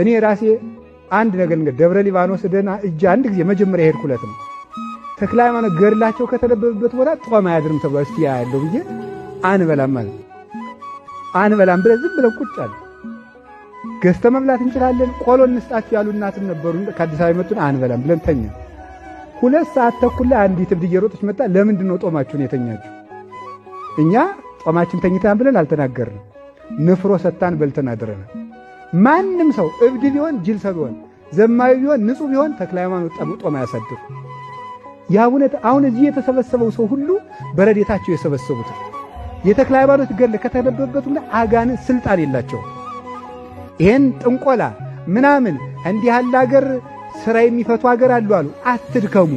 እኔ ራሴ አንድ ነገር እንግዲህ ደብረ ሊባኖስ ደና እጅ አንድ ጊዜ መጀመሪያ ሄድኩለት ነው ተክለ ሃይማኖት ገድላቸው ከተነበበበት ቦታ ጦም አያድርም ተብሎ እስቲ ያለው ብዬ አንበላም ማለት አንበላም ብለ ዝም ብለን ቁጭ አለ። ገዝተ መብላት እንችላለን፣ ቆሎ እንስጣችሁ ያሉ እናትም ነበሩ ከአዲስ አበባ የመጡን። አንበላም ብለን ተኛ። ሁለት ሰዓት ተኩል ላይ አንዲት እብድ እየሮጠች መጣ። ለምንድን ነው ጦማችሁን የተኛችሁ? እኛ ጦማችን ተኝተን ብለን አልተናገርንም። ንፍሮ ሰታን በልተን አድረናል። ማንም ሰው እብድ ቢሆን ጅል ሰው ቢሆን ዘማዊ ቢሆን ንጹህ ቢሆን ተክለ ሃይማኖት ጠምጦም ማያሳድር የአቡነ አሁን እዚህ የተሰበሰበው ሰው ሁሉ በረዴታቸው የሰበሰቡት የተክለ ሃይማኖት ገድል ከተነበበበት ሁሉ አጋንን ስልጣን የላቸው። ይህን ጥንቆላ ምናምን እንዲህ ያለ አገር ስራ የሚፈቱ አገር አሉ አሉ። አትድከሙ።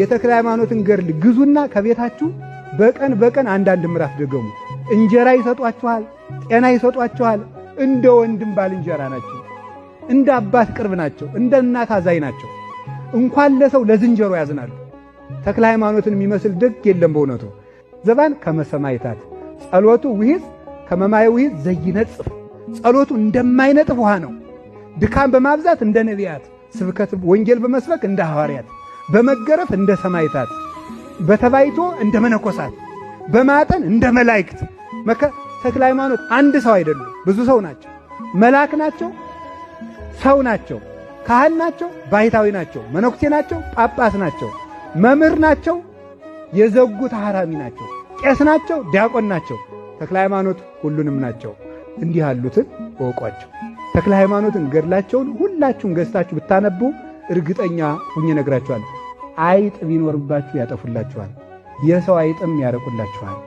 የተክለ ሃይማኖትን ገድል ግዙና ከቤታችሁ በቀን በቀን አንዳንድ ምዕራፍ ደገሙ። እንጀራ ይሰጧችኋል፣ ጤና ይሰጧችኋል። እንደ ወንድም ባልንጀራ ናቸው። እንደ አባት ቅርብ ናቸው። እንደ እናት አዛኝ ናቸው። እንኳን ለሰው ለዝንጀሮ ያዝናሉ። ተክለ ሃይማኖትን የሚመስል ደግ የለም በእውነቱ። ዘባን ከመሰማይታት ጸሎቱ ውሂዝ ከመማየ ውሂዝ ዘይነጽፍ ጸሎቱ እንደማይነጥፍ ውሃ ነው። ድካም በማብዛት እንደ ነቢያት፣ ስብከት ወንጌል በመስበክ እንደ ሐዋርያት፣ በመገረፍ እንደ ሰማይታት፣ በተባይቶ እንደ መነኮሳት፣ በማጠን እንደ መላእክት ተክለ ሃይማኖት አንድ ሰው አይደሉም፣ ብዙ ሰው ናቸው። መልአክ ናቸው፣ ሰው ናቸው፣ ካህን ናቸው፣ ባይታዊ ናቸው፣ መነኩሴ ናቸው፣ ጳጳስ ናቸው፣ መምህር ናቸው፣ የዘጉ ተሐራሚ ናቸው፣ ቄስ ናቸው፣ ዲያቆን ናቸው። ተክለ ሃይማኖት ሁሉንም ናቸው። እንዲህ ያሉትን እወቋቸው። ተክለ ሃይማኖትን ገድላቸውን ሁላችሁም ገዝታችሁ ብታነቡ እርግጠኛ ሁኜ እነግራችኋለሁ፣ አይጥ ቢኖርባችሁ ያጠፉላችኋል፣ የሰው አይጥም ያረቁላችኋል።